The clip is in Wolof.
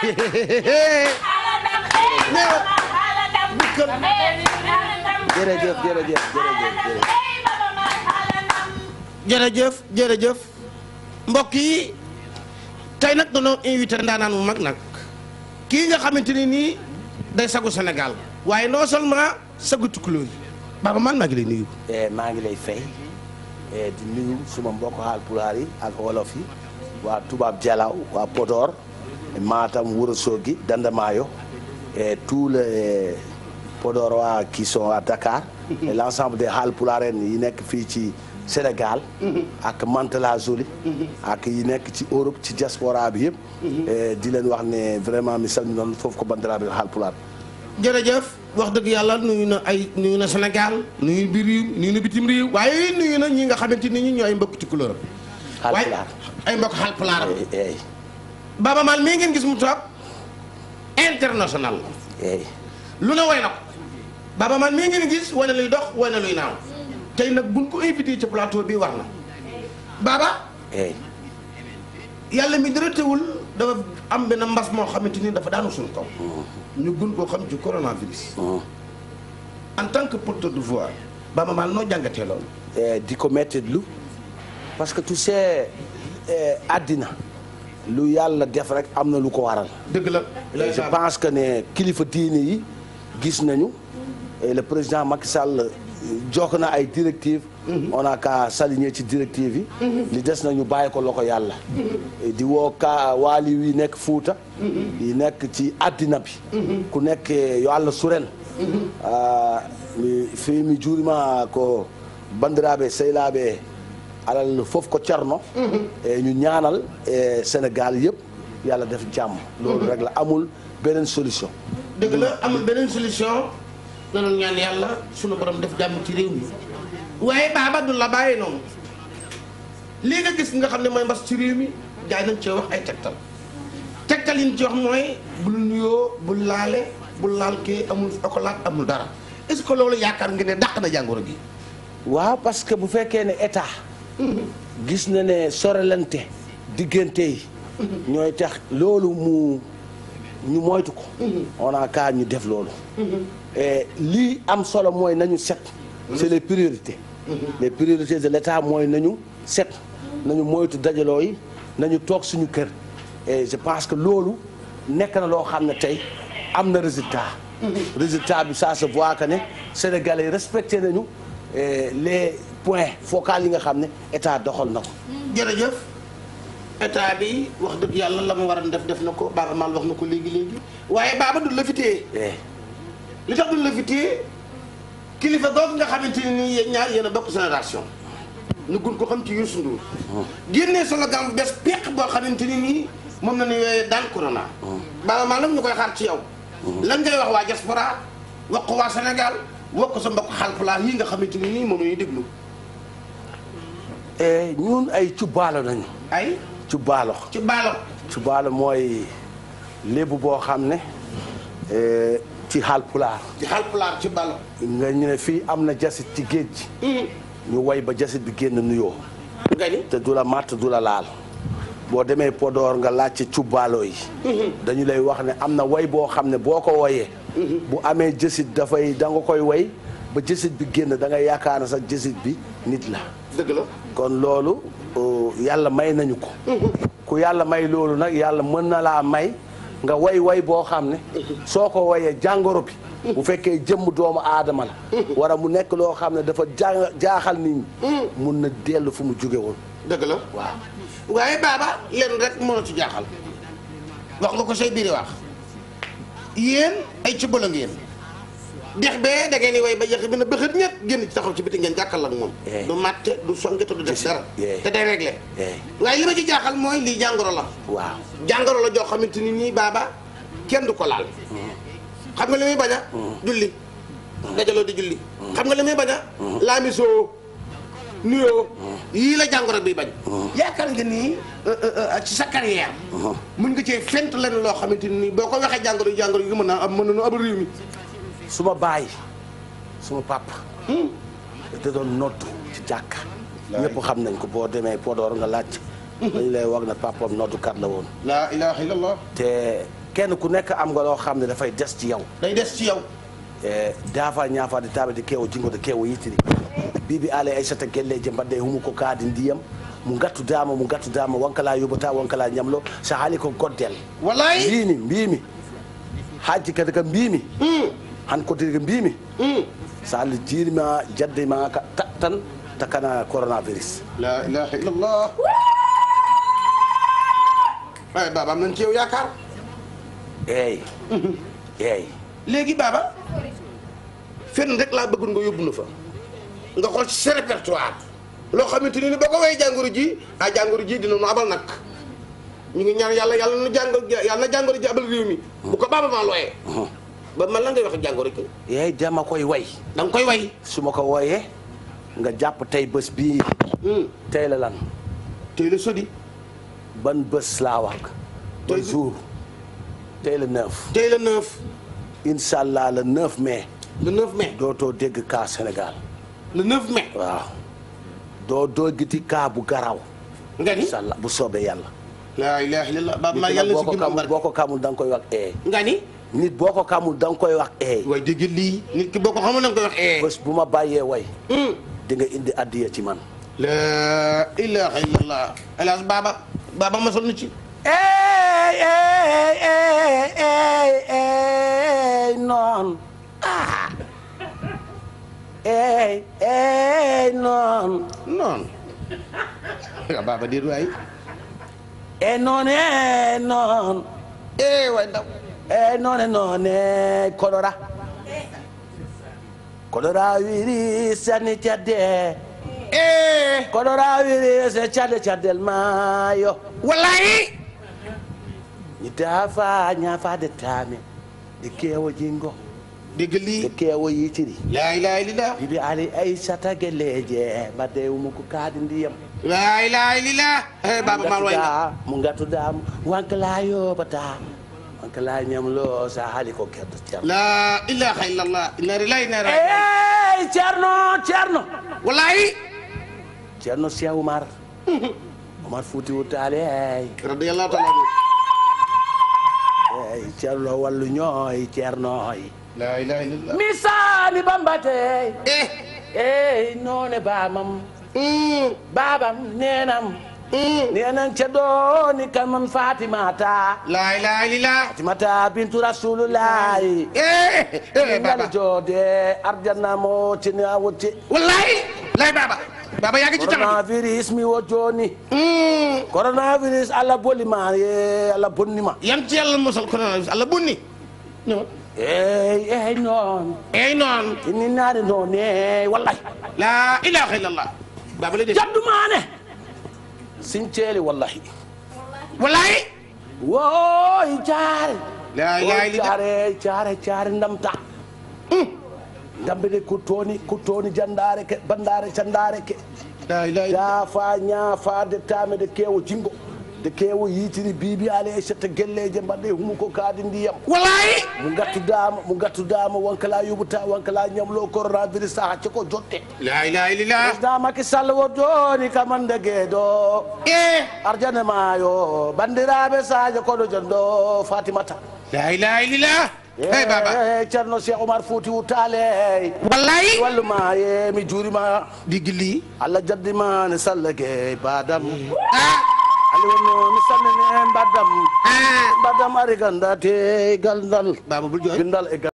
jërëjëf jërëjëf jërëjëf jërëjëf jërëjëf mbokk yi tey nag dañoo invité ndaanaan mu mag nag kii nga xamante ni nii day sagu Sénégal waaye non seulement sagu tukkuloo yi Baba man maa ngi lay nuyu. Eh, maa ngi lay fay eh, di nuyu suma mbokk Haalpulaar yi ak wolof yi waa tubaab jalaw waa Podor. E Matam Ourossogui Dandamayo et tous les Podorois qui sont à Dakar et l'ensemble des Halpulaaren yi nekk fii ci Sénégal ak Mantes-la-Jolie ak yi nekk ci Europe ci diaspora bi yëpp e di leen wax ne vraiment mi salmi noonu foofu ko bandiraaɓe Halpulaar jërëjëf wax dëgg yàlla nuyu na ay nuyu na Sénégal nuyu biir nuyu na bitim réew waaye nuyu na ñi nga xamante ni ñu ay mbokk ci couleur waaye ay mbokk Halpulaar Baaba Maal mii ngeen gis mu toog international la lu ne woy na ko Baaba Maal mii ngeen gis woy na luy dox woy na luy naaw tey nag buñ ko invité ci plateau bi war na Baaba yàlla mi dara teewul dafa am benn mbas moo xamante ni dafa daanu suñu kaw mm-hmm. ñu gun koo xam ci coronavirus mm-hmm. en tant que porteur de voix Baaba Maal noo jàngatee loolu eh, di ko métti lu parce que tu sais eh, àddina lu yàlla def rek am na lu ko waral. dëgg je pense que ne kilifa diini yi gis nañu le président Macky Sall euh, na ay directives. Mhm. on a qu'à ci directive yi. Mhm. li des na ñu ko loxo yàlla. Mhm. di woo waali wi nekk Fuuta. yi nekk ci addina bi. ku nekk euh, yàlla suren. Ah, mi fii mi juurima ko bandiraaɓe sehlaaɓe alal foofu ko Cerno mhm. eh, ñu ñaanal eh, Sénégal yëpp yàlla def jàmm loolu mhm. rek la amul beneen solution dégg na amul beneen solution lanoon ñaan yàlla sunu borom def jàmm ci réew mi waaye baaba du la bàyyi noonu lii nga gis nga xam ne mooy mbas ci réew mi jaay nañ cee wax ay tegtal tegtal yi ñu ci wax mooy bul nuyoo bul laale bul laal kii amul accolade amul dara est-ce que loolu yaakaar nga ne dàq na jàngoro gi waaw parce que bu fekkee ne état gis na ne sorelante diggante yi ñooy tax loolu mu ñu moytu ko on a cas ñu def loolu lii am solo mooy nañu set c'est les priorités les priorités de l'État mooy nañu set nañu moytu dajaloo yi nañu toog suñu kër et je pense que loolu nekk na loo xam ne tey am na résultat résultat bi ça se voit que ne yi respecté nañu les point focal yi nga xam ne état doxal na ko. jërëjëf état bi wax dëgg yàlla la mu war a def def na ko Baaramal wax na ko léegi léegi waaye Baba du la fi eh. li tax du la fi téye kilifa googu nga xamante ne nii yéen ñaar yéen a bokk génération. ñu gun ko xam ci Youssou Ndour. Oh. génnee slogan bu bees peq boo xamante ne nii moom la ñu yooyee daan corona. Oh. Baaramal ñu koy xaar ci yow. Oh. lan ngay wax waa diaspora wax ko waa Sénégal wax ko sa mbokk laa lii nga xamante ne nii moom la ñuy déglu. ñun ay cubbaalo nañu. ay cubbaalo. cubbaalo. cubbaalo mooy léebu boo xam ne e, ci Haalpulaar. ci Haalpulaar nga ñu ne fii am na jasit ci géej gi. Mm. ñu way ba jasit bi génn nuyoo. nga te du la màtt du la laal. boo demee podoor nga laajte cubbaalo yi. Mm-hmm. dañu lay wax ne am na woy boo xam ne boo ko woyee. Mm-hmm. bu amee jësit dafay danga koy woy ba jësit bi génn da nga yaakaar ne sax jasit bi nit la. dëgg la. kon loolu euh, yàlla may nañu ko ku yàlla may loolu nag yàlla mën na laa may nga way woy boo xam ne soo ko wayee jàngoro bi bu fekkee jëmm doomu aadama la war a mu nekk loo xam ne dafa jaaxal nit ñi mun na dellu fu mu jógewoon woon la waaw waaye baaba leen rek moo ci jaaxal wax nga ko say biiri wax yéen ay ci bëla ngeen dex bee da ngeen di way ba yéex bi na bëxët ñett génn ci ci biti ngeen jàkkal ak eh. du màtte du songe te du def dara eh. te day réglé eh. li ma ci jaaxal mooy lii jàngoro la waaw jàngoro la joo xamante ni nii baaba kenn du ko laal mm-hmm. xam nga li muy bañ a mm-hmm. julli mm-hmm. dajaloo di julli xam nga li muy bañ a laamisoo nuyoo yii la jàngoro bi bañ yaakaar nga nii euh, euh, euh, ci sa carrière mën nga cee fent leen loo xamante ni nii boo ko waxee jàngoro yi jàngoro yi mën naa am mën nañu ab réew mi suma baay suma pap da doon noddu ci jàkka ñëpp xam nañ ko boo demee Podor nga laaj dañu lay wax ne papam noddukat la woon laa ilaha illallah te kenn ku nekk am nga loo xam ne dafay des ci yow day des ci yow daafa ñaafa di taabati keewo jingo de keewo yittiri bibi ala aissata gelleje mbadde e humu ko kaadi ndiyam mo gattudama mo gattudama wonkala yoɓata wonkala ñamlo so haali ko goddel walay mbimi mbimi hajji hmm. kadi ka hankkotiri ko mbimi hmm. so allah jiirima jadde ma ka tattan takana coronavirus la ilaha illallah eyi baba nan ceew yakar eyi eyi léegi baba fen rek laa bëggun nga yóbbu nu fa nga xool ci sa répertoire loo xamante ni boo ko wéyee jàngoro ji ah jàngoro ji dina nu abal nag ñu ngi ñaan yàlla yàlla na jàngoro yàlla jàngoro ji abal réew bu ko baba maa looyee uh-huh. ba man la ngay wax jàngoro ki yeey dama koy way da nga koy way su ma ko wooyee nga jàpp tey bés bii hmm. tey la lan tey la sodi ban bés laa wax tey la neuf tey la neuf le 9 mai le mai dootoo dégg kaa Sénégal le 9 mai waaw doo doo giti kaa bu garaw nga ni bu soobee yàlla laa ilaha illallah baa boo ko kamul danga nga koy wax ee eh. nit boo ko xamul da koy wax eey. way dégg lii nit ki wax bu ma bàyyee way. Hmm. di nga indi addiya ci man. la ilaha illallah baaba baaba ma sonn ci. eey eey noon ah noon. noon noon eey noon. eey e eh, noone noone kolora kolora wiri sanni cadde e eh. kolora wiri se cadde caddel maayo wallayi ñidda fa ñafade taame nde keewo jingo degli nde keewo yiitiri la ilaha illallah bibi ali aissata geleeje mbadde wumuko kaadi ndiyam la ilaha illallah eh, e baba malwayga mo gattuɗamo wankalayoɓata ñamloo sa haali ko keddo ceerno la ilaha illallah inari lay nara ey ceerno ceerno wallayi ceerno cheikh oumar oumar fouti wuttaali ey radiallahu taala anu ey ceerno wallu ñooy ceernoy la ilaha illallah misaali bambate ey eh. ey eh, noone baamam mm. baabam neenam nee laa ilaaha illallaah. Fatimata bintu Rasulullah. Eh, eh, eh, baba joodee arjana moo ci ne awut ci. wallaahi. lay baba. yaa ngi ci taxaw ala boli ma ye ala noon. eey noon. ni naare noon eey wallaahi. laa ilaaha illallaah. jaddu maane. sinteeli wallahi wallahi wooy caare laay caare caare caare ndamta hmm. ndambe de ko tooni ko tooni jandaare ke bandaare candaare ke dafa ñaafaade keewo jingo nde kewo yiitiri bibi alaycha to guelleje mbaɗɗe humo ko kaadi ndiyam walayi mo gattudama mo gattudama wonkala yuɓata wonkala ñamlo coronavirus hacce ko jotte la ilaha illallah président maky sall woddoni kamande gueeɗo e eh! ardiane maayo bandiraɓe sadio koɗo jonɗo fatimata la ilaha illallah eh, hey mi juurima ɗigilli allah jaddimane sallake badam ah! aliwano salmini en mbaddam mbaddam ari gandate galdal